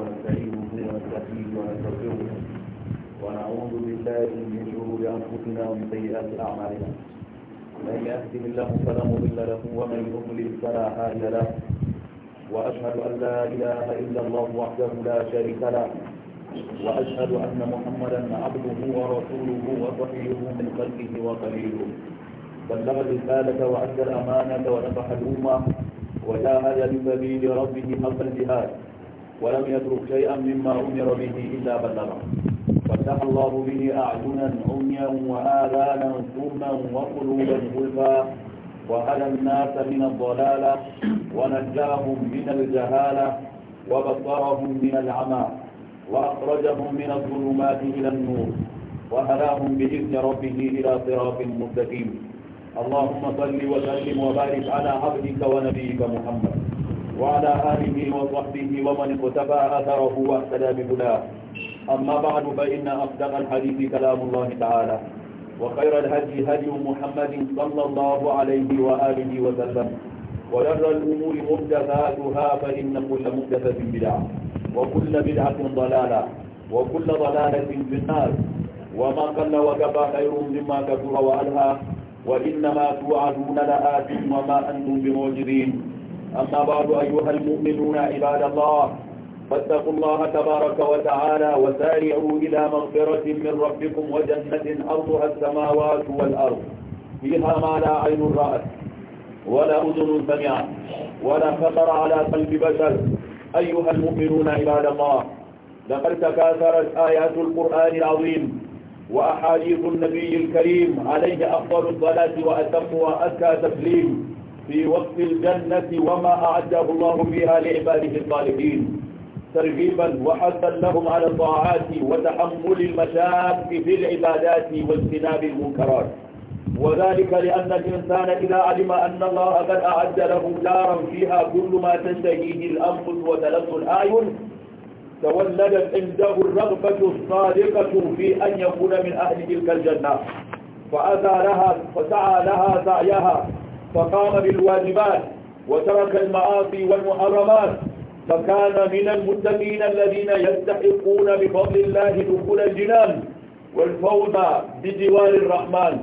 ونستعينه ونستهديه ونستغفره ونعوذ بالله من شرور انفسنا ومن سيئات اعمالنا من يهده الله فلا مضل له ومن يضلل فلا هادي له واشهد ان لا اله الا الله وحده لا شريك له واشهد ان محمدا عبده ورسوله وصفيه من خلقه وقليله بلغ الرساله وادى الامانه ونصح الامه وجاهد بسبيل ربه حق الجهاد ولم يترك شيئا مما أمر به إلا بلغه فتح الله به أعينا عميا وآذانا سما وقلوبا غلفا وهدى الناس من الضلالة ونجاهم من الجهالة وبصرهم من العمى وأخرجهم من الظلمات إلى النور وهداهم بإذن ربه إلى صراط مستقيم اللهم صل وسلم وبارك على عبدك ونبيك محمد وعلى آله وصحبه ومن اقتفى أثره واهتدى بهداه أما بعد فإن أصدق الحديث كلام الله تعالى وخير الهدي هدي محمد صلى الله عليه وآله وسلم وشر الأمور محدثاتها فإن كل محدثة بدعة وكل بدعة ضلالة وكل ضلالة في النار وما قل وكفى خير مما كثر وألها وإنما توعدون لآت وما أنتم بموجدين أما بعد أيها المؤمنون عباد الله فاتقوا الله تبارك وتعالى وسارعوا إلى مغفرة من ربكم وجنة أرضها السماوات والأرض فيها ما لا عين رأت ولا أذن سمعت ولا خطر على قلب بشر أيها المؤمنون عباد الله لقد تكاثرت آيات القرآن العظيم وأحاديث النبي الكريم عليه أفضل الصلاة وأتم وأزكى تسليم في وصف الجنة وما أعده الله فيها لعباده الصالحين ترغيبا وحثا لهم على الطاعات وتحمل المشاق في العبادات واجتناب المنكرات وذلك لأن الإنسان إذا علم أن الله قد أعد له دارا فيها كل ما تنتهيه الأنفس وتلف الأعين تولدت عنده الرغبة الصادقة في أن يكون من أهل تلك الجنة فأتى لها فسعى لها سعيها فقام بالواجبات وترك المعاصي والمحرمات فكان من المتقين الذين يستحقون بفضل الله دخول الجنان والفوز بجوار الرحمن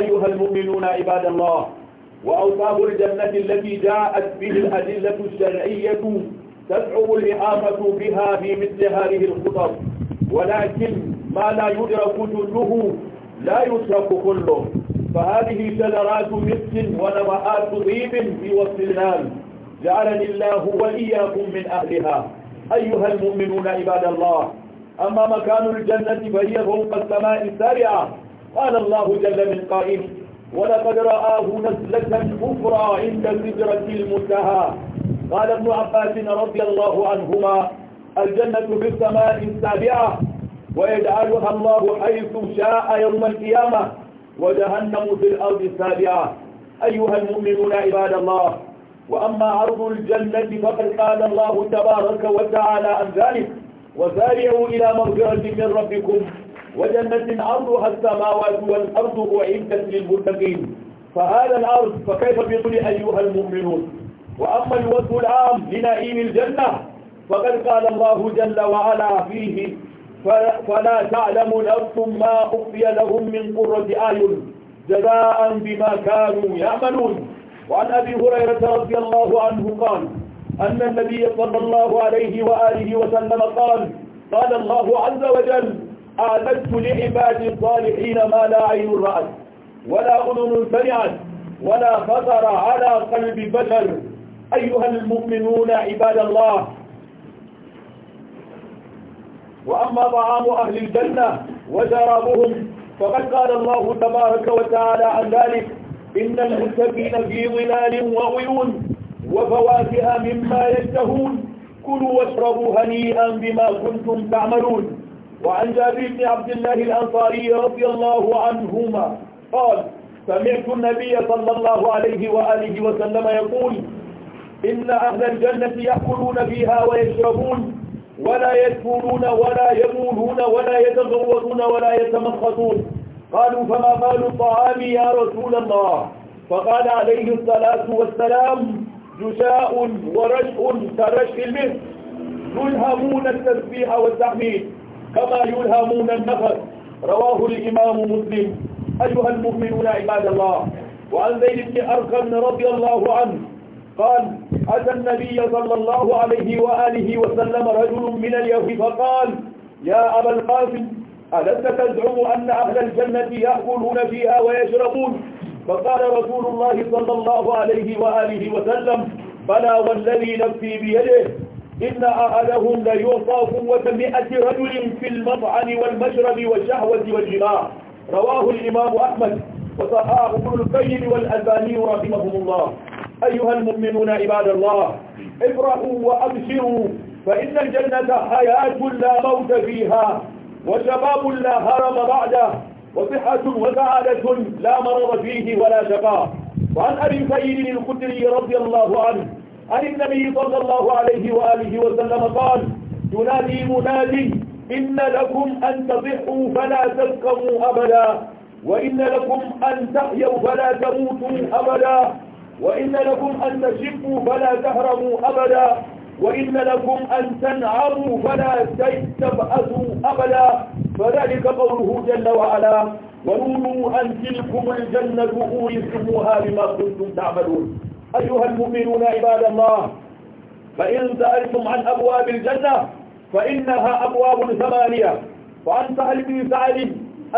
أيها المؤمنون عباد الله وأوصاف الجنة التي جاءت به الأدلة الشرعية تدعو الإعامة بها في مثل هذه الخطب ولكن ما لا يدرك جله لا يترك كله فهذه شجرات مسك ونبات طيب في وسط النار جعلني الله وإياكم من أهلها أيها المؤمنون عباد الله أما مكان الجنة فهي فوق السماء السارعة قال الله جل من قائل ولقد رآه نزلة أخرى عند سدرة المنتهى قال ابن عباس رضي الله عنهما الجنة في السماء السابعة ويجعلها الله حيث شاء يوم القيامة وجهنم في الأرض السابعة أيها المؤمنون عباد الله وأما عرض الجنة فقد قال الله تبارك وتعالى عن ذلك وسارعوا إلى مغفرة من ربكم وجنة عرضها السماوات والأرض أعدت للمتقين فهذا الأرض فكيف بطل أيها المؤمنون وأما الوصف العام لنعيم الجنة فقد قال الله جل وعلا فيه فلا تعلم نفس ما أخفي لهم من قرة أعين جزاء بما كانوا يعملون وعن أبي هريرة رضي الله عنه قال أن النبي صلى الله عليه وآله وسلم قال قال الله عز وجل أعددت لعبادي الصالحين ما لا عين رأت ولا أذن سمعت ولا خطر على قلب بشر أيها المؤمنون عباد الله وأما طعام أهل الجنة وشرابهم فقد قال الله تبارك وتعالى عن ذلك إن المتقين في ظلال وعيون وفواكه مما يشتهون كلوا واشربوا هنيئا بما كنتم تعملون وعن جابر بن عبد الله الأنصاري رضي الله عنهما قال سمعت النبي صلى الله عليه وآله وسلم يقول إن أهل الجنة يأكلون فيها ويشربون ولا يدفنون ولا يمولون ولا يتغورون ولا يتمخطون قالوا فما بال الطعام يا رسول الله فقال عليه الصلاة والسلام جشاء ورشء كرشء المثل يلهمون التسبيح والتحميد كما يلهمون النفس رواه الإمام مسلم أيها المؤمنون عباد الله وعن زيد بن أرقم رضي الله عنه قال أتى النبي صلى الله عليه وآله وسلم رجل من اليهود فقال يا أبا القاسم ألست تزعم أن أهل الجنة يأكلون فيها ويشربون فقال رسول الله صلى الله عليه وآله وسلم بلى والذي نفسي بيده إن أهلهم ليعطى قوة مئة رجل في المطعن والمشرب والشهوة والجماع رواه الإمام أحمد وصحاه ابن القيم والألباني رحمهم الله أيها المؤمنون عباد الله افرحوا وأبشروا فإن الجنة حياة لا موت فيها وشباب لا هرم بعده وصحة وسعادة لا مرض فيه ولا شقاء وعن أبي سعيد الخدري رضي الله عنه عن النبي صلى الله عليه وآله وسلم قال ينادي منادي إن لكم أن تصحوا فلا تسقموا أبدا وإن لكم أن تحيوا فلا تموتوا أبدا وإن لكم أن تشبوا فلا تهرموا أبدا وإن لكم أن تنعموا فلا تبأسوا أبدا فذلك قوله جل وعلا ونولوا أن تلكم الجنة أورثتموها بما كنتم تعملون أيها المؤمنون عباد الله فإن سألتم عن أبواب الجنة فإنها أبواب ثمانية وعن سهل بن سعد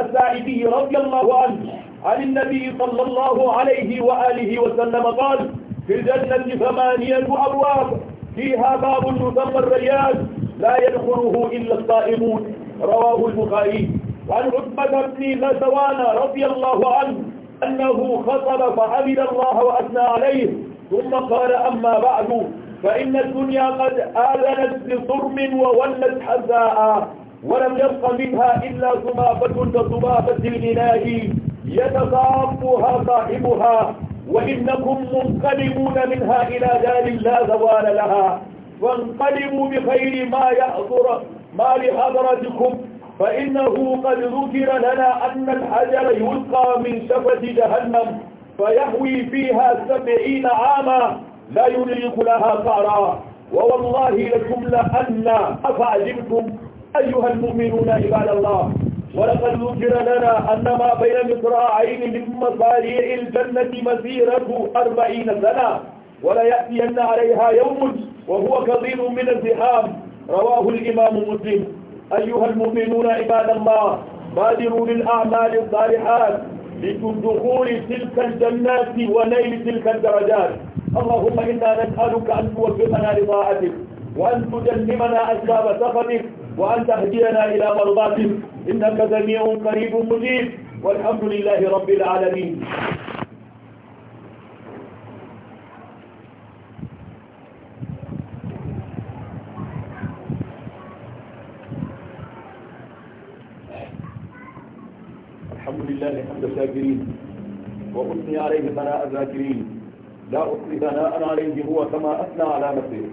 الساعدي رضي الله عنه عن النبي صلى الله عليه وآله وسلم قال في الجنة ثمانية أبواب فيها باب يسمى الريان لا يدخله إلا الصائمون رواه البخاري وعن عتبة بن نسوان رضي الله عنه أنه خطب فعبد الله وأثنى عليه ثم قال أما بعد فإن الدنيا قد آذنت بصرم وولت حزاء ولم يبق منها إلا ثمافة كثمافة الغناء يتضامها صاحبها وإنكم منقلبون منها إلى دار لا زوال لها فانقلبوا بخير ما يأثر ما لحضرتكم فإنه قد ذكر لنا أن الحجر يلقى من شفة جهنم فيهوي فيها سبعين عاما لا يدرك لها قعرا ووالله لكم لأن أفعجبتم أيها المؤمنون عباد الله ولقد ذكر لنا أن ما بين مصراعين من مصاريع الجنة مسيرة أربعين سنة ولا أن عليها يوم وهو كثير من الزحام رواه الإمام مسلم أيها المؤمنون عباد الله بادروا بالأعمال الصالحات دخول تلك الجنات ونيل تلك الدرجات اللهم إنا نسألك أن توفقنا لطاعتك وأن تجنبنا أسباب سخطك وأن تهدينا إلى مرضاتك إنك سميع قريب مجيب والحمد لله رب العالمين الحمد لله حمد الشاكرين وأثني عليه ثناء الذاكرين لا أثني ثناء عليه هو كما أثنى على نفسه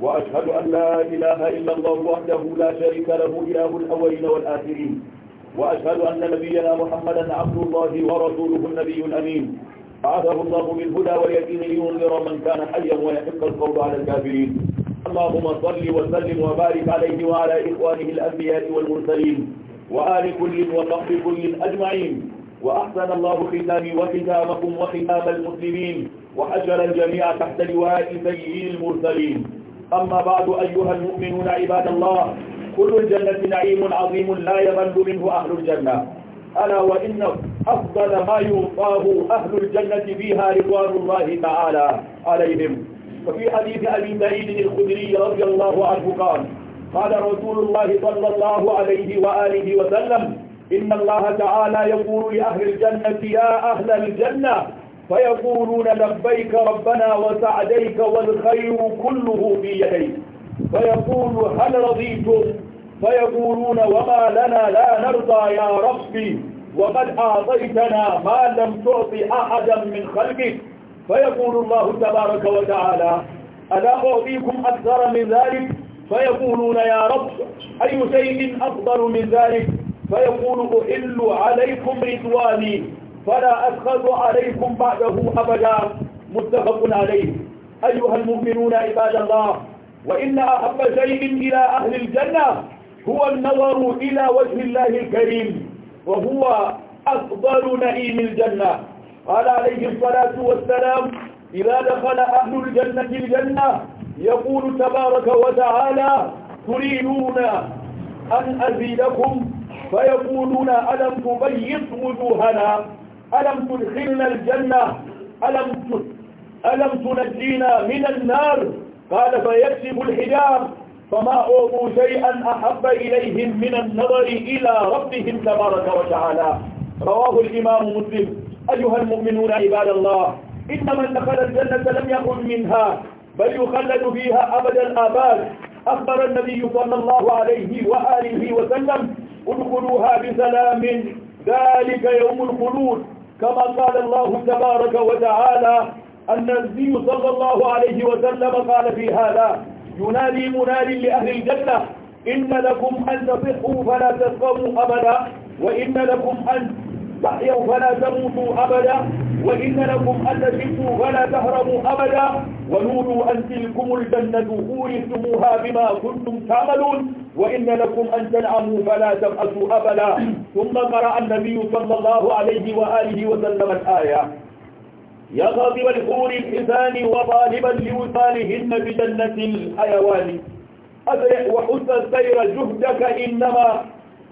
وأشهد أن لا إله إلا الله وحده لا شريك له إله الأولين والآخرين وأشهد أن نبينا محمدا عبد الله ورسوله النبي الأمين بعثه الله بالهدى واليقين لينذر من كان حيا ويحق القول على الكافرين اللهم صل وسلم وبارك عليه وعلى إخوانه الأنبياء والمرسلين وآل كل وصحب كل أجمعين وأحسن الله ختامي وختامكم وختام المسلمين وحجر الجميع تحت لواء سيد المرسلين أما بعد أيها المؤمنون عباد الله كل الجنة نعيم عظيم لا يمل منه أهل الجنة ألا وإن أفضل ما يعطاه أهل الجنة فيها رضوان الله تعالى عليهم وفي حديث أبي سعيد الخدري رضي الله عنه قال قال رسول الله صلى الله عليه وآله وسلم إن الله تعالى يقول لأهل الجنة يا أهل الجنة فيقولون لبيك ربنا وسعديك والخير كله في يديك فيقول هل رضيتم فيقولون وما لنا لا نرضى يا ربي وقد أعطيتنا ما لم تعط أحدا من خلقك فيقول الله تبارك وتعالى ألا أعطيكم أكثر من ذلك فيقولون يا رب أي شيء أفضل من ذلك فيقول أحل عليكم رضواني فلا أسخط عليكم بعده أبدا متفق عليه أيها المؤمنون عباد الله وإن أحب شيء إلى أهل الجنة هو النظر إلى وجه الله الكريم وهو أفضل نعيم الجنة قال عليه الصلاة والسلام إذا دخل أهل الجنة الجنة يقول تبارك وتعالى تريدون أن أزيدكم فيقولون ألم تبيض وجوهنا ألم تدخلنا الجنة ألم ألم تنجينا من النار قال فيكسب الحجاب فما أوتوا شيئا أحب إليهم من النظر إلى ربهم تبارك وتعالى رواه الإمام مسلم أيها المؤمنون عباد الله إن من دخل الجنة لم يكن منها بل يخلد فيها أبد الآباد أخبر النبي صلى الله عليه وآله وسلم ادخلوها بسلام ذلك يوم الخلود كما قال الله تبارك وتعالى أن النبي صلى الله عليه وسلم قال في هذا ينادي منادي لأهل الجنة إن لكم أن تصحوا فلا تسقموا أبدا وإن لكم أن تحيوا فلا تموتوا أبدا وإن لكم أن تجدوا فلا تهربوا أبدا ونولوا أن تلكم الجنة أورثتموها بما كنتم تعملون وإن لكم أن تنعموا فلا تبأسوا أبدا ثم قرأ النبي صلى الله عليه وآله وسلم الآية يا غاضب الحور الحسان وطالبا لوصالهن بجنة الحيوان أسرع وحس السير جهدك إنما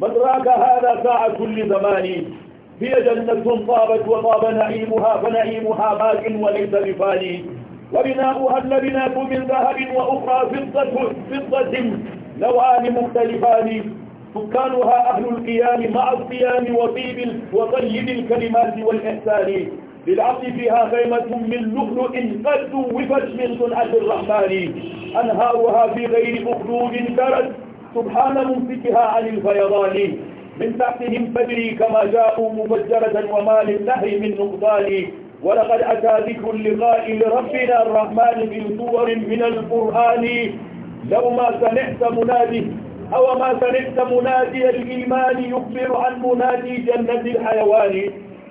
من راك هذا ساعة كل زمان هي جنة طابت وطاب نعيمها فنعيمها باق وليس بفاني وبناؤها اللبنات من ذهب وأخرى فضة فضة نوعان مختلفان سكانها أهل القيام مع الصيام وطيب وطيب الكلمات والإحسان للعبد فيها خيمة من لؤلؤ قد ذوبت من صنعة الرحمن أنهارها في غير أخدود جرت سبحان ممسكها عن الفيضان من تحتهم بدري كما جاءوا مبجرة وما للنهي من نقضان ولقد أتى ذكر اللقاء لربنا الرحمن من صور من القرآن لو ما سمعت منادي أو ما سمعت منادي الإيمان يخبر عن منادي جنة الحيوان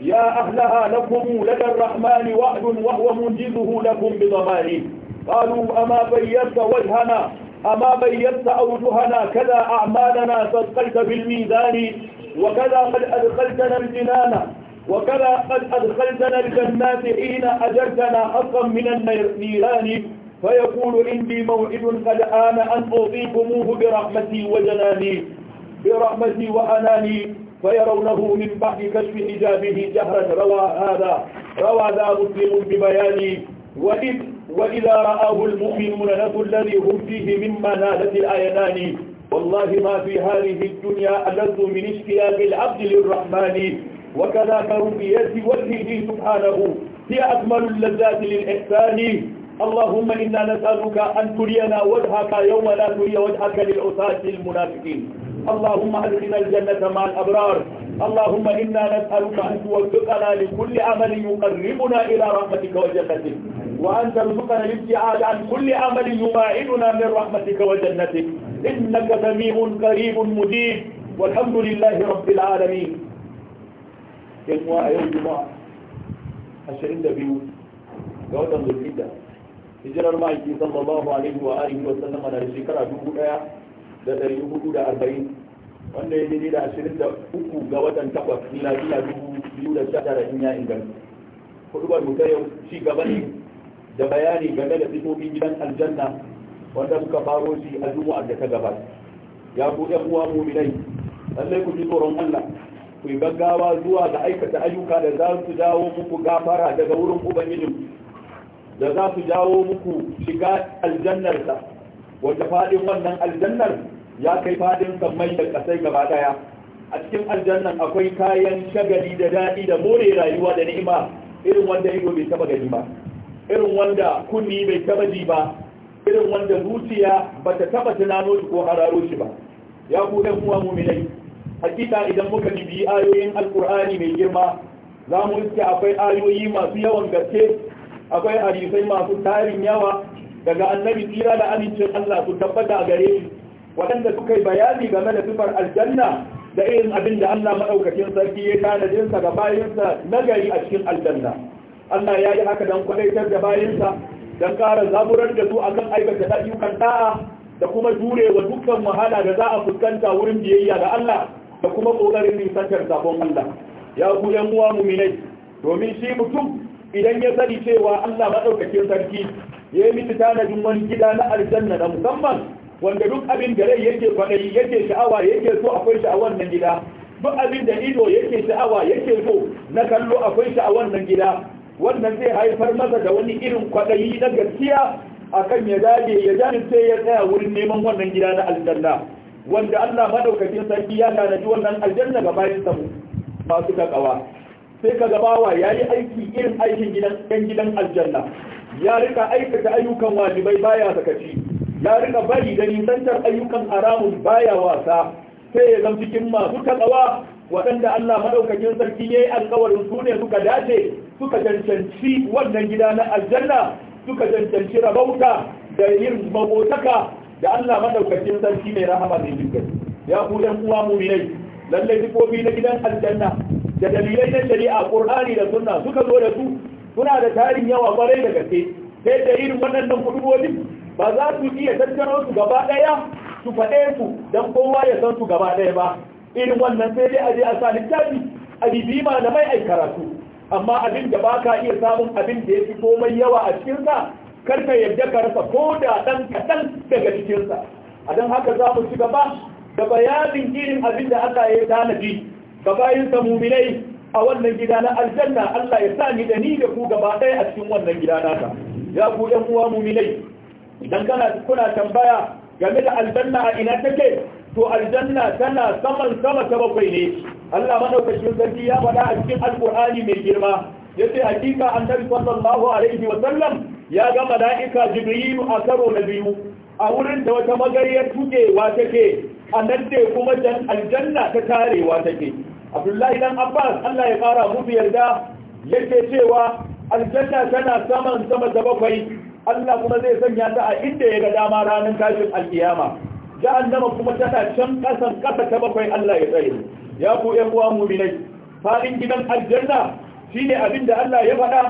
يا أهلها لكم لدى الرحمن وعد وهو منجزه لكم بضمان قالوا أما بيّرت وجهنا أما بينت أوجهنا كذا أعمالنا فادخلت بالميزان وكذا قد أدخلتنا الجنان وكذا قد أدخلتنا الجنات حين أجرتنا حقا من النيران فيقول عندي موعد قد آن أن أعطيكموه برحمتي وجناني برحمتي وأناني فيرونه من بعد كشف حجابه جهرا روى هذا روى ذا مسلم ببيان وإذ وإذا رآه المؤمنون نسوا الذي هم فيه من منالة الآيتان والله ما في هذه الدنيا ألذ من اشتياق العبد للرحمن وكذاك رؤية وجهه سبحانه هي أكمل اللذات للإحسان اللهم إنا نسألك أن ترينا وجهك يوم لا تري وجهك للعصاة المنافقين اللهم أدخلنا الجنة مع الأبرار اللهم إنا نسألك أن توفقنا لكل عمل يقربنا إلى رحمتك وجنتك وأنت رزقنا الابتعاد عن كل عمل يباعدنا من رحمتك وجنتك إنك سميع قريب مجيب والحمد لله رب العالمين يا جماعة يا جماعة حشا عند بيوت جوة ذو الحدة هجر المعيكي صلى الله عليه وآله وسلم على الشكرة على لذلك يبقوا دا 40 وانا يجري دا عشرين دا أكو جوة تقوى ميلادية بيوت الشهر إنيا إنجل فلو بيوتها يوم شي قبلين da bayani game da fitofin gidan aljanna wanda muka faro shi a juma'a da ta gabata ya ku kuwa mu mu'minai lallai ku ji tsoron Allah ku yi gaggawa zuwa ga aikata ayyuka da za su jawo muku gafara daga wurin ubangijin da za su jawo muku shiga aljannarsa wanda faɗin wannan aljannar ya kai faɗin sammai da ƙasai gaba ɗaya a cikin aljannan akwai kayan shagali da daɗi da more rayuwa da ni'ima irin wanda ido bai taɓa gani ba irin wanda kunni bai taba ji ba irin wanda zuciya ba ta taba tunano ko hararo shi ba ya ku ɗan muminai hakika idan muka bibi ayoyin alkur'ani mai girma za mu iske akwai ayoyi masu yawan gaske akwai hadisai masu tarin yawa daga annabi tsira da amincin Allah su tabbata a gare shi waɗanda suka yi bayani game da sifar aljanna da irin abin da Allah maɗaukakin sarki ya tanadinsa ga bayansa nagari a cikin aljanna Allah ya yi haka don kwadaitar da bayansa don ƙara zaburar da su kan aikata ayyukan ta'a da kuma jure wa dukkan wahala da za a fuskanta wurin biyayya da Allah da kuma ƙoƙarin nisantar sabon Allah ya ku yan uwa muminai domin shi mutum idan ya sani cewa Allah maɗaukakin sarki ya yi miki tanadin wani gida na aljanna na musamman wanda duk abin da rai yake kwaɗayi yake sha'awa yake so akwai shi a wannan gida duk abin da ido yake sha'awa yake so na kallo akwai shi a wannan gida wannan zai haifar masa da wani irin kwaɗayi na gaskiya akan ya dage ya dage sai ya tsaya wurin neman wannan gida na aljanna wanda Allah madaukakin sarki ya tanadi wannan aljanna ga bayan sa masu takawa sai ka gabawa ya yi aiki irin aikin gidan ɗan gidan aljanna ya rika aikata ayyukan wajibai baya sakaci ya rika bari da nisantar ayyukan haramun baya wasa sai ya zama cikin masu takawa waɗanda Allah maɗaukakin sarki ya yi alkawarin su ne suka dace suka cancanci wannan gida na aljanna suka cancanci rabauta da yin mabotaka da Allah maɗaukakin sarki mai rahama mai ya ku ɗan uwa mu'minai lallai dukofi na gidan aljanna da dalilai na shari'a ƙur'ani da sunna suka zo da su suna da tarin yawa kwarai da gaske sai da irin waɗannan kudubobin ba za su iya tattaro su gaba ɗaya su faɗe su don kowa ya san su gaba ɗaya ba irin wannan sai dai a je a sa littafi a bibi malamai a karatu amma abin da baka iya samun abin da ya fi komai yawa a cikinsa, sa kar ka yarda ka rasa ko da dan kaɗan daga cikinsa. a don haka za mu ci gaba da bayanin irin abin da Allah ya tanadi ga bayin sa mu'minai a wannan gida na aljanna Allah ya sa ni da ni da ku gaba ɗaya a cikin wannan gida naka ya ku ɗan uwa mu'minai idan kana kuna tambaya game da aljanna a ina take to aljanna tana saman sama ta bakwai ne Allah madaukakin sarki ya faɗa a cikin alkur'ani mai girma yace hakika annabi sallallahu alaihi wa sallam ya ga mala'ika jibrilu a karo na biyu a wurin da wata magariyar tukewa take a nan kuma aljanna ta tarewa take abdullahi dan abbas Allah ya fara musu yarda yace cewa aljanna tana saman sama ta bakwai Allah kuma zai sanya ta a inda ya ga dama ranar tashin alkiyama jahannama kuma tana can kasan kasa ta bakwai Allah ya tsare ya ku ƴan uwa mu'minai fadin gidan aljanna shine abin da Allah ya faɗa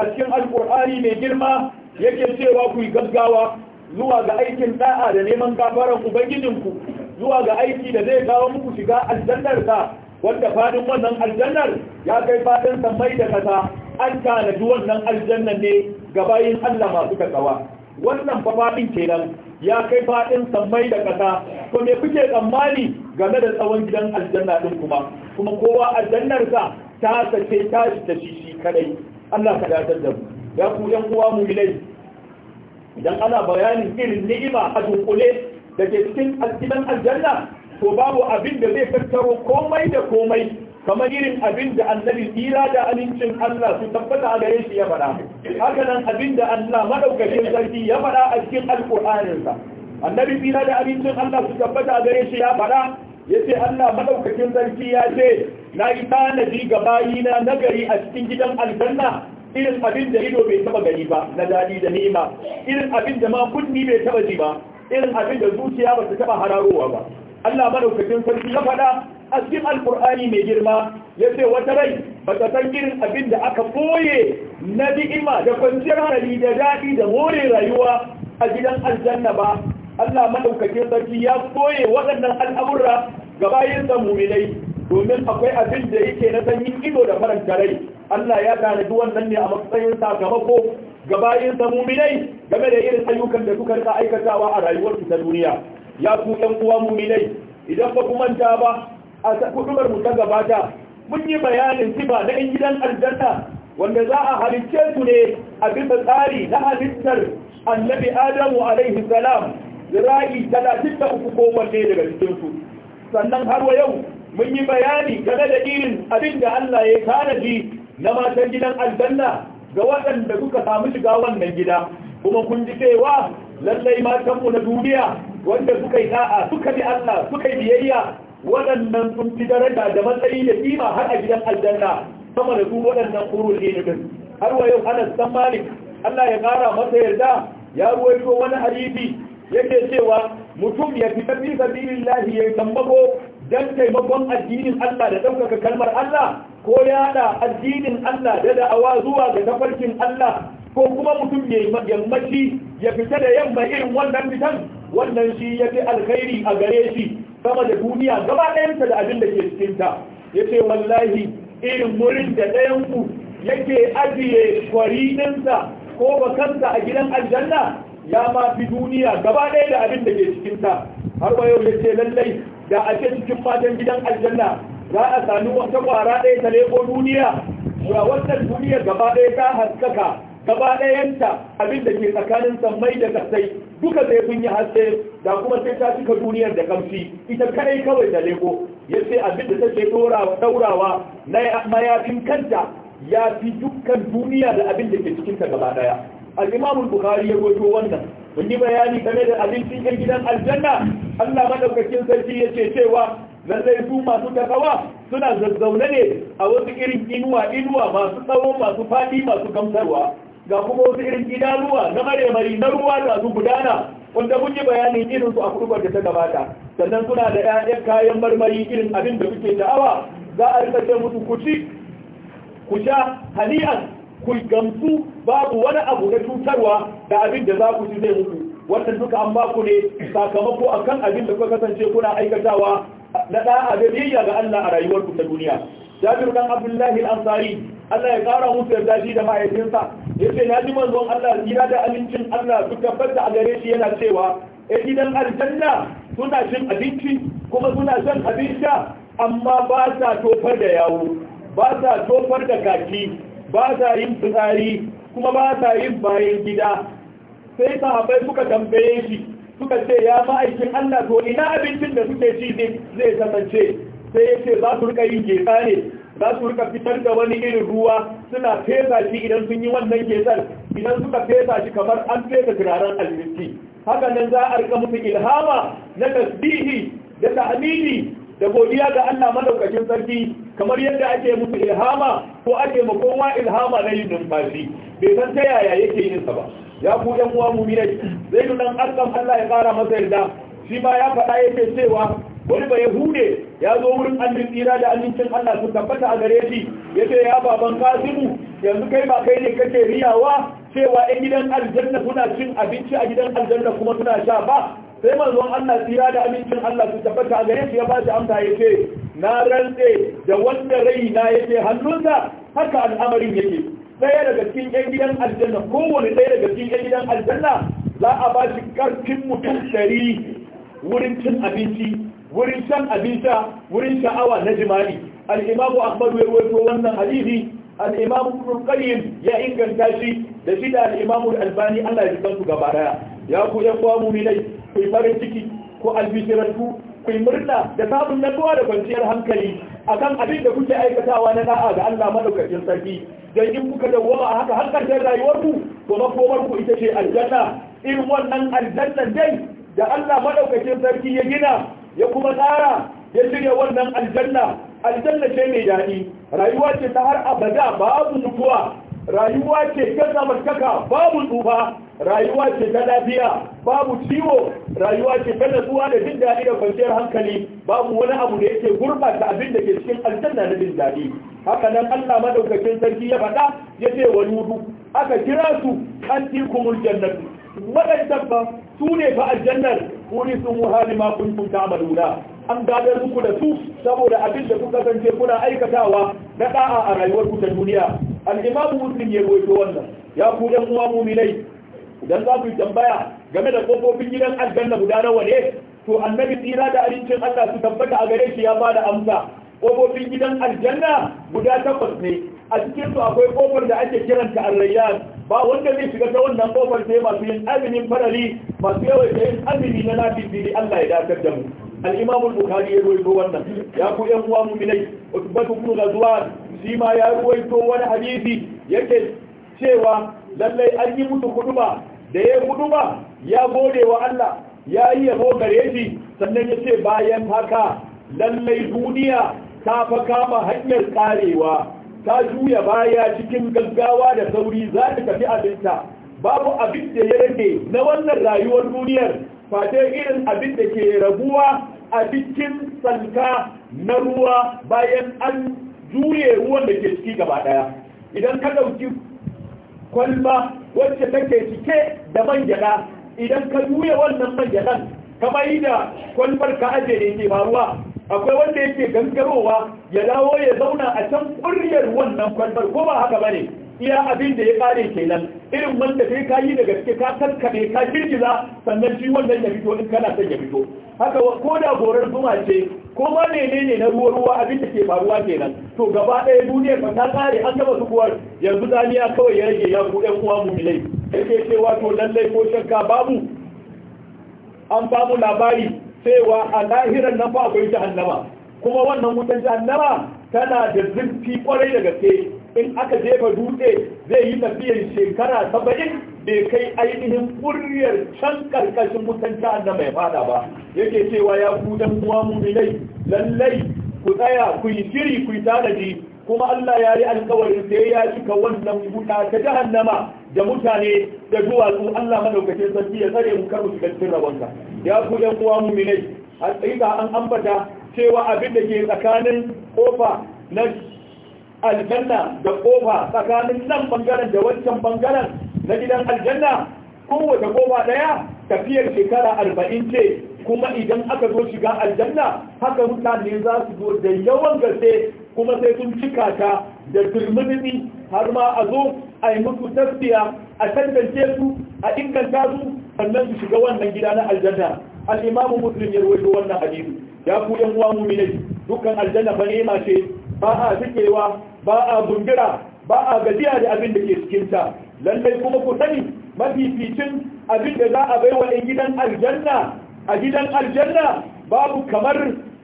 a cikin alqur'ani mai girma yake cewa ku gaggawa zuwa ga aikin da'a da neman gafaran ubangijinku zuwa ga aiki da zai kawo muku shiga aljannar sa wanda fadin wannan aljannar ya kai fadin sammai da kasa an tanadi wannan aljannar ne ga bayin Allah masu kasawa wannan ba faɗin kenan ya kai faɗin sammai da ƙasa to me kuke tsammani game da tsawon gidan aljanna din kuma kuma kowa aljannar sa ta sace ta shi ta shi shi kadai Allah ka dadar da mu ya ku yan uwa mu bilai idan ana bayanin irin ni'ima a dunkule da ke cikin aljanna to babu abin da zai tattaro komai da komai kamar irin abin da annabi tsira da amincin Allah su tabbata a yashi ya faɗa haka nan abin da Allah madaukakin sarki ya faɗa a cikin alƙur'aninsa annabi tsira da amincin Allah su tabbata a yashi ya faɗa ya Allah madaukakin sarki ya ce na yi tanadi ga bayina nagari a cikin gidan aljanna irin abin da ido bai taba gani ba na daɗi da nima irin abin da ma kunni bai taba ji ba irin abin da zuciya ba ta taba hararowa ba Allah madaukakin sarki ya faɗa a cikin alkur'ani mai girma ya ce wata rai ba ta san irin abin da aka koye na ni'ima da kwanciyar hankali da daɗi da more rayuwa a gidan aljanna ba Allah madaukakin sarki ya koye waɗannan al'amurra ga bayin sa mu'minai domin akwai abin da yake na sanyin ido da faranta rai Allah ya tanadi wannan ne a matsayin sakamako ga bayin sa mu'minai game da irin ayyukan da suka rika aikatawa a rayuwarsu ta duniya ya ku ɗan uwa muminai idan ba ku manta ba a kudumar mu ta gabata mun yi bayanin sifa na yan gidan aljanna wanda za a halicce su ne a bisa tsari na halittar annabi adamu alaihi salam zira'i talatin da uku ko wanne daga su sannan har wa yau mun yi bayani game da irin abin da Allah ya tanaji na matan gidan aljanna ga waɗanda kuka samu shiga wannan gida kuma kun ji cewa lallai matanmu na duniya wanda suka yi da'a suka bi Allah suka yi biyayya waɗannan sun fi daraja da matsayi da kima har a gidan aljanna sama da su waɗannan kurul ne din har wa yau Anas dan Malik Allah ya kara masa yarda ya ruwaito wani hadisi yake cewa mutum ya fi tafi sabilillahi ya tambako dan taimakon addinin Allah da ɗaukaka kalmar Allah ko yada addinin Allah da da'awa zuwa ga tafarkin Allah ko kuma mutum ya yammaci ya fita da yamma irin wannan fitan wannan shi ya fi alkhairi a gare shi sama da duniya gaba ɗayanta da abin da ke cikinta ya ce wallahi irin wurin da ɗayanku yake ajiye kwarininsa ko bakansa a gidan aljanna ya ma fi duniya gaba ɗaya da abin da ke cikinta har ba yau ya ce lallai da ake cikin matan gidan aljanna za a sami wata kwara ɗaya ta leko duniya ga wannan duniya gaba ɗaya ta haskaka gaba abinda abin da ke tsakanin sammai da kasai duka sai sun yi haske da kuma sai ta cika duniyar da kamshi ita kadai kawai da leko ya ce abin da ke ɗaurawa na mayafin kanta ya fi dukkan duniya da abinda ke cikinta gaba ɗaya al'imamun bukari ya gojo wannan wani bayani game da abincin yan gidan aljanna allah maɗaukakin sarki ya ce cewa lallai su masu takawa suna zazzaune ne a wasu irin inuwa inuwa masu tsawo masu faɗi masu gamsarwa ga kuma wasu irin ruwa na maremari na ruwa da su gudana wanda mun yi bayanin irin su a kurbar da ta gabata sannan suna da 'ya'yan kayan marmari irin abin da kuke da'awa, za a rika ce musu ku ci ku sha haniyan ku gamsu babu wani abu na cutarwa da abin da za ku ci zai mutu wannan duka an ba ku ne sakamako a kan abin da kuka kasance kuna aikatawa na da'a da biyayya ga Allah a rayuwar ku ta duniya Jabir dan Abdullahi al-Ansari Allah ya kara musu yarda shi da mahaifinsa yace na ji manzon Allah tsira da amincin Allah su tabbata a gare shi yana cewa eh gidan aljanna suna cin abinci kuma suna san abin amma ba sa tofar da yawo ba sa tofar da kaki ba sa yin fitsari kuma ba sa yin bayan gida sai sahabbai suka tambaye shi suka ce ya ma'aikin Allah to ina abincin da suke ci zai kasance sai ya ce za su rika yin gesa ne za su rika fitar da wani irin ruwa suna fesa shi idan sun yi wannan kesar idan suka fesa shi kamar an fesa turaren almiski haka nan za a rika musu ilhama na tasbihi da ta'amini da godiya ga Allah madaukakin sarki kamar yadda ake musu ilhama ko ake ma kowa ilhama na yin numfashi bai san ta yaya yake yin sa ba ya ku yan uwa mu mina zai nan arkam Allah ya kara masa yarda shi ma ya faɗa yake cewa wani ba hude ya zo wurin annin tsira da annincin Allah su tabbata a gare shi ya ce ya baban kasimu yanzu kai ba kai ne kake riyawa cewa 'yan gidan aljanna suna cin abinci a gidan aljanna kuma suna sha ba sai manzon Allah tsira da amincin Allah su tabbata a gare shi ya ba shi amsa ya ce na rantse da wanda raina ya ce hannunsa haka al'amarin yake ɗaya daga cikin 'yan gidan aljanna kowane ɗaya daga cikin 'yan gidan aljanna za a ba shi ƙarfin mutum ɗari wurin cin abinci wurin shan abin wurin sha'awa na jima'i alimamu ahmadu ya rawaito wannan hadithi al'imamu imamu ya inganta shi da shi da al'imamu imamu albani Allah ya jikan su gaba daya ya ku kuwa mu mu'minai ku farin ciki ku albishiratu ku murna da sabon nabuwa da kwanciyar hankali akan abin da kuke aikatawa na da'a ga Allah madaukakin sarki dan in kuka dawwama a haka har karshen rayuwarku to makomar ku ita ce aljanna in wannan aljanna dai da Allah madaukakin sarki ya gina ya kuma tsara ya shirya wannan aljanna aljanna ce mai daɗi rayuwa ce ta har abada babu mutuwa rayuwa ce ta zamantaka babu tsufa rayuwa ce ta lafiya babu ciwo rayuwa ce ta natsuwa da jin daɗi da kwanciyar hankali babu wani abu da yake gurɓata abin da ke cikin aljanna na jin daɗi haka nan allah madaukakin sarki ya faɗa ya ce wa nudu aka kira su an tikumul jannatu waɗancan ba su ne fa aljannar kun ta kuntum da an gadar muku da su saboda abin da kuka kasance kuna aikatawa na da'a a rayuwarku ta duniya al-imamu muslim ya rawaito wannan ya ku yan uwa mu'minai idan za ku yi tambaya game da kofofin gidan aljanna guda nawa ne to annabi tsira da abincin Allah su tabbata a gare shi ya bada amsa kofofin gidan aljanna guda takwas ne a cikin su akwai kofar da ake kiranta ar ba wanda zai shiga ta wannan kofar sai masu yin aminin farali masu yawai da yin amini na nafifili Allah ya dakar da mu al bukari ya ruwaito wannan ya ku yan uwa mu'minai kuma ga zuwa shi ma ya ruwaito wani hadisi yake cewa lallai an yi mutu huduma da ya huduma ya gode wa Allah ya yi yabo gare shi sannan ya ce bayan haka lallai duniya ta fa kama hanyar karewa ta juya baya cikin gaggawa da sauri za ta tafi abinta babu abin da ya rage na wannan rayuwar duniyar fata irin abin da ke rabuwa a cikin sanka na ruwa bayan an juye ruwan da ke ciki gaba daya idan ka dauki kwalba wacce take cike da man gyada idan ka juya wannan man gyadan ka bai da kwalbar ka aje ne ke ba ruwa akwai wanda yake gangarowa ya dawo ya zauna a can ƙuryar wannan kwalbar ko ba haka bane iya abin da ya kare kenan irin wanda kai ka yi daga cike ka karkade ka girgiza sannan shi wannan ya fito in kana son ya fito haka ko da gorar zuma ce ko ma menene na ruwa ruwa abin da ke faruwa kenan to gaba ɗaya duniya ba ta kare an gaba sukuwar yanzu zaniya kawai ya rage ya buɗe uwa mu milai yake cewa to lallai ko shakka babu an bamu labari cewa a lahiran nan fa akwai jahannama kuma wannan wutan jahannama tana da zurfi kwarai da gaske in aka jefa dutse zai yi tafiyar shekara saba'in bai kai ainihin ƙuryar can ƙarƙashin wutan jahannama ya fada ba yake cewa ya ku dan uwa mu'minai lallai ku tsaya ku yi shiri ku yi tanadi kuma Allah ya yi alkawarin sai ya cika wannan wuta ta jahannama da mutane da duwatsu Allah madaukakin sarki ya tsare mu karu shiga cikin ya ku yan uwa mu minai an ambata cewa abin da ke tsakanin kofa na aljanna da kofa tsakanin nan bangaren da wancan bangaren na gidan aljanna kowace kofa daya tafiyar shekara arba'in ce kuma idan aka zo shiga aljanna haka mutane za su zo da yawan gaske kuma sai sun cika ta da turmi har ma a zo a yi musu tasfiya a tantance su a inganta su sannan su shiga wannan gida na aljanna al-imamu muslim ya rawaito wannan hadisi ya ku yan uwa mu'minai dukkan aljanna fa ma ce ba a zikewa ba a bungira ba a gajiya da abin da ke cikin ta lallai kuma ku sani mafificin abin da za a bai wa ɗan gidan aljanna a gidan aljanna babu kamar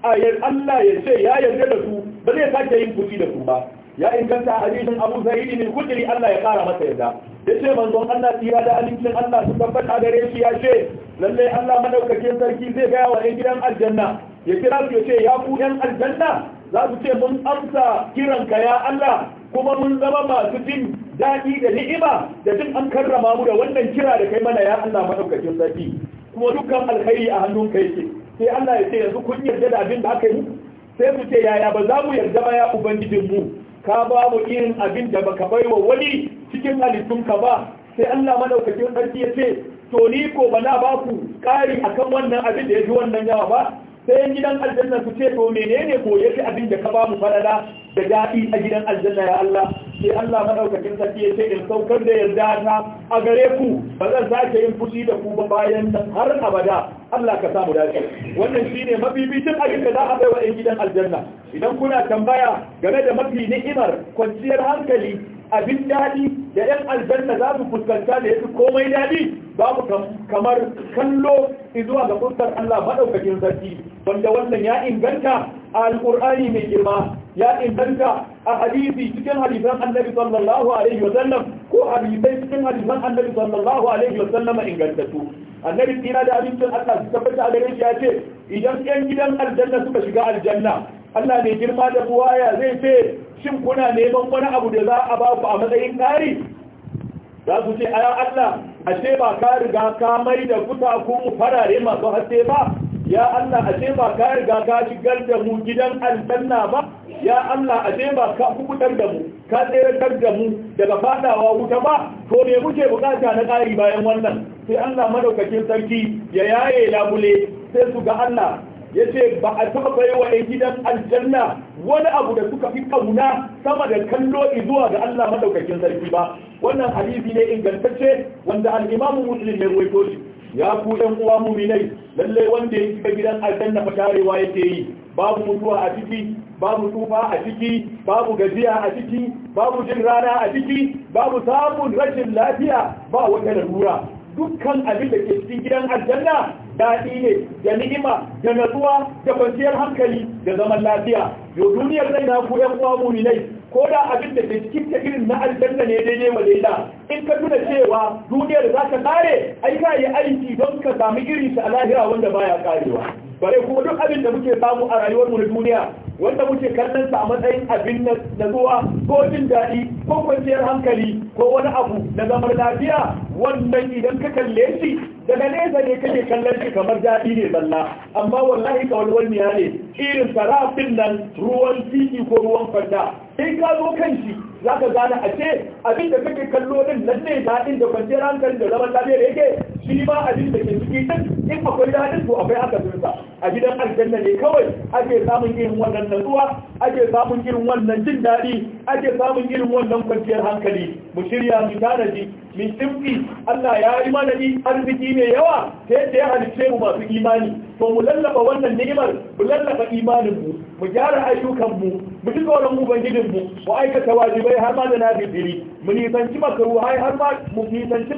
a ayar Allah ya ce ya yarda da su ba zai sake yin kuɗi da su ba ya inganta hadisin Abu Sa'id bin Khudri Allah ya kara masa ya ce manzon Allah tira da alimin Allah su tabbata gare shi ya ce Lallai Allah madaukakin sarki zai gaya wa gidan aljanna ya kira su yace ya ku yan aljanna za su ce mun amsa kiranka ya Allah kuma mun zama masu jin daɗi da ni'ima da jin an karrama mu da wannan kira da kai mana ya Allah madaukakin sarki kuma dukkan alkhairi a kai ce. sai Allah ya ce yanzu kun yarda da abin da aka yi sai su ce yaya ba za mu yarda ba ya ubangijin mu ka ba mu irin abin da baka bai wa wani cikin halittunka ba sai Allah madaukakin sarki ya ce to ni ko ba na ba ku ƙari akan wannan abin da ya ji wannan yawa ba sai yan gidan aljanna su ce to menene ko yafi abin da ka ba mu falala da daɗi a gidan aljanna ya Allah sai Allah madaukakin sarki ya ce in saukar da yarda ta a gare ku ba zan sake yin fushi da ku ba bayan har abada Allah ka samu dace wannan shine mabibitin abin da za a baiwa ɗan gidan aljanna idan kuna tambaya game da mafi ni'imar kwanciyar hankali abin daɗi da ‘yan aljanna za su fuskanta da yafi komai daɗi babu kamar kallo izuwa ga fuskar Allah maɗaukakin sarki wanda wannan ya inganta a alƙur'ani mai girma ya inganta a hadisi cikin hadisan annabi sallallahu alaihi wa sallam ko hadisai cikin hadisan annabi sallallahu alaihi wa sallama ingantattu annabi tsira da abincin Allah suka tabbata a gare shi ya ce idan ƴan gidan aljanna suka shiga aljanna Allah mai girma da ya zai ce shin kuna neman wani abu da za a ba ku a matsayin ƙari za su ce aya Allah ashe ba ka riga ka mai da kuta farare masu haske ba ya Allah a ce ba ka riga ka shigar da mu gidan aljanna ba ya Allah a ce ba ka kubutar da mu ka tseratar da mu daga fadawa wuta ba to me muke bukata na kari bayan wannan sai Allah madaukakin sarki ya yaye labule sai su ga Allah yace ba a taba bai wa gidan aljanna wani abu da suka fi kauna sama da kallo zuwa ga Allah madaukakin sarki ba wannan hadisi ne ingantacce wanda al-Imam Muslim ne ruwaito shi ya ku ɗan uwa muminai lalle wanda ya shiga gidan aljanna tarewa yake yi babu mutuwa a ciki babu tsufa a ciki babu gajiya a ciki babu jin rana a ciki babu samun rashin lafiya ba wata lalura dukkan abin da ke cikin gidan aljanna daɗi ne da ni'ima da natsuwa da kwanciyar hankali da zaman lafiya yau duniyar zai na ku ƴan uwa muminai ko da abin da ke cikin ta irin na aljanna ne daidai wa daida in ka tuna cewa duniyar za ka kare ai ka yi aiki don ka sami irin sa a lahira wanda baya karewa bare kuma duk abin da muke samu a rayuwar mu na duniya wanda muke kallon sa a matsayin abin na zuwa ko jin daɗi ko kwanciyar hankali ko wani abu na zaman lafiya wannan idan ka kalle shi daga nesa ne kake kallon shi kamar daɗi ne balla amma wallahi kawalwal ne irin sarafin nan ruwan titi ko ruwan fanda sai ka zo kan shi za ka gane a ce abin da kake kallo din nan ne daɗin da kwanciyar hankali da zaman lafiyar yake shi ba abin da ke ciki din in akwai daɗin to akwai haka sa a gidan aljanna ne kawai ake samun irin wannan natsuwa ake samun irin wannan jin daɗi ake samun irin wannan kwanciyar hankali mu shirya mu tanaji mu tsimfi Allah ya yi mana ni arziki mai yawa ta yadda ya halicce mu masu imani to mu lallaba wannan ni'imar mu lallaba imanin mu mu gyara ayyukan mu mu ji tsoron ubangijin mu mu aikata wajibai har ma da na bibiri mu nisanci makaruhai har ma mu nisanci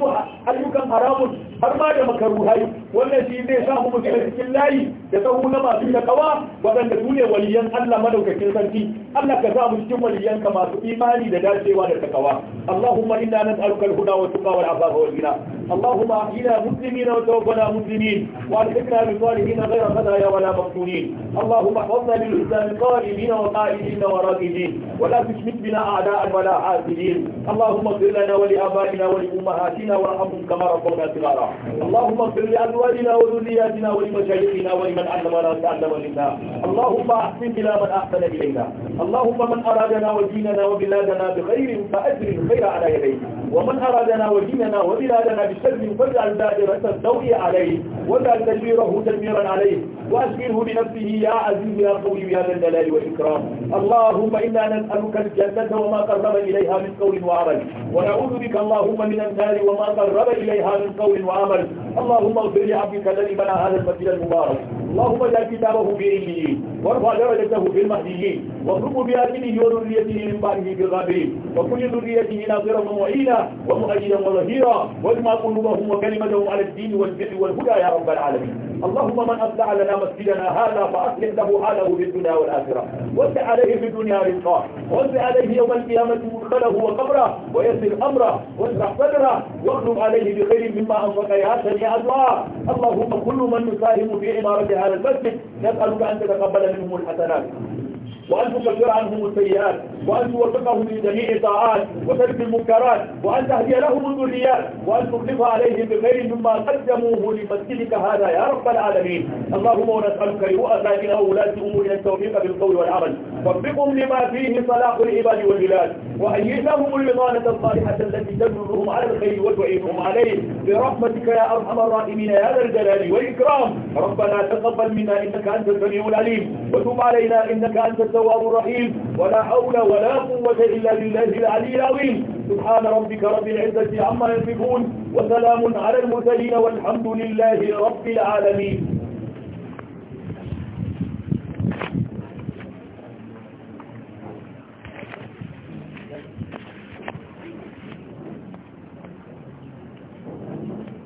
ayyukan haramun har ma da makaruhai wannan shi zai sa mu mu cikin layi da sahu na masu takawa waɗanda su ne waliyan Allah madaukakin sarki Allah ka sa mu cikin waliyan ka masu imani da dacewa da takawa Allahumma inna nas'aluka al-huda wa tuqa wal afafa wal ghina Allahumma inna muslimina wa tawaffana muslimin wa alhiqna bi salihin ghayra khazaya wa la maftunin Allahumma ihfazna lil islam qa'imin wa qa'idin wa raqidin wa la tushmit bina a'da'an wa la hasidin Allahumma اغفر لنا ولآبائنا ولأمهاتنا وارحمهم كما ربونا صغارا اللهم اغفر لأزواجنا وذرياتنا ولمشايخنا ولمن من علم ولا تعلم منا اللهم احسن الى من احسن الينا اللهم من ارادنا وديننا وبلادنا بخير فاجر الخير على يديه ومن أرادنا وديننا وبلادنا بسلم فاجعل دائرة الضوئي عليه واجعل تدبيره تدميرا عليه وأشبره بنفسه يا عزيز يا قوي يا ذا الجلال والإكرام اللهم إنا نسألك الجنة وما قرب إليها من قول وعمل ونعوذ بك اللهم من النار وما قرب إليها من قول وعمل اللهم اغفر لعبدك الذي بنى هذا المسجد المبارك اللهم اجعل كتابه بعلمه وارفع درجته في المهديين واتركه بآله وذريته من بعده في الغابرين وكل ذريته ناصرا ومعينا ومؤيدا وظهيرا واجمع قلوبهم وكلمتهم على الدين والبر والهدى يا رب العالمين اللهم من أصلح لنا مسجدنا هذا فأصلح له حاله في الدنيا والآخرة وسع عليه في الدنيا رزقا وسع عليه يوم القيامة مدخله وقبره ويسر أمره واشرح صدره واخلو عليه بخير مما أنفق يا سميع الدعاء اللهم كل من يساهم في عمارة هذا المسجد نسألك أن تتقبل منهم الحسنات وأن تكفر عنهم السيئات وأن توفقهم لجميع الطاعات وترك المنكرات وأن تهدي لهم الذريات وأن تخلف عليهم بخير مما قدموه لمسجدك هذا يا رب العالمين اللهم ونسألك لرؤسائنا وولاة أمورنا التوفيق بالقول والعمل وفقهم لما فيه صلاح العباد والبلاد وأيدهم البطانة الصالحة التي تدلهم على الخير وتعينهم عليه برحمتك يا أرحم الراحمين يا ذا الجلال والإكرام ربنا تقبل منا إنك أنت السميع العليم وتب علينا إنك أنت التواب الرحيم ولا حول ولا قوة إلا بالله العلي العظيم سبحان ربك رب العزة عما يصفون وسلام على المرسلين والحمد لله رب العالمين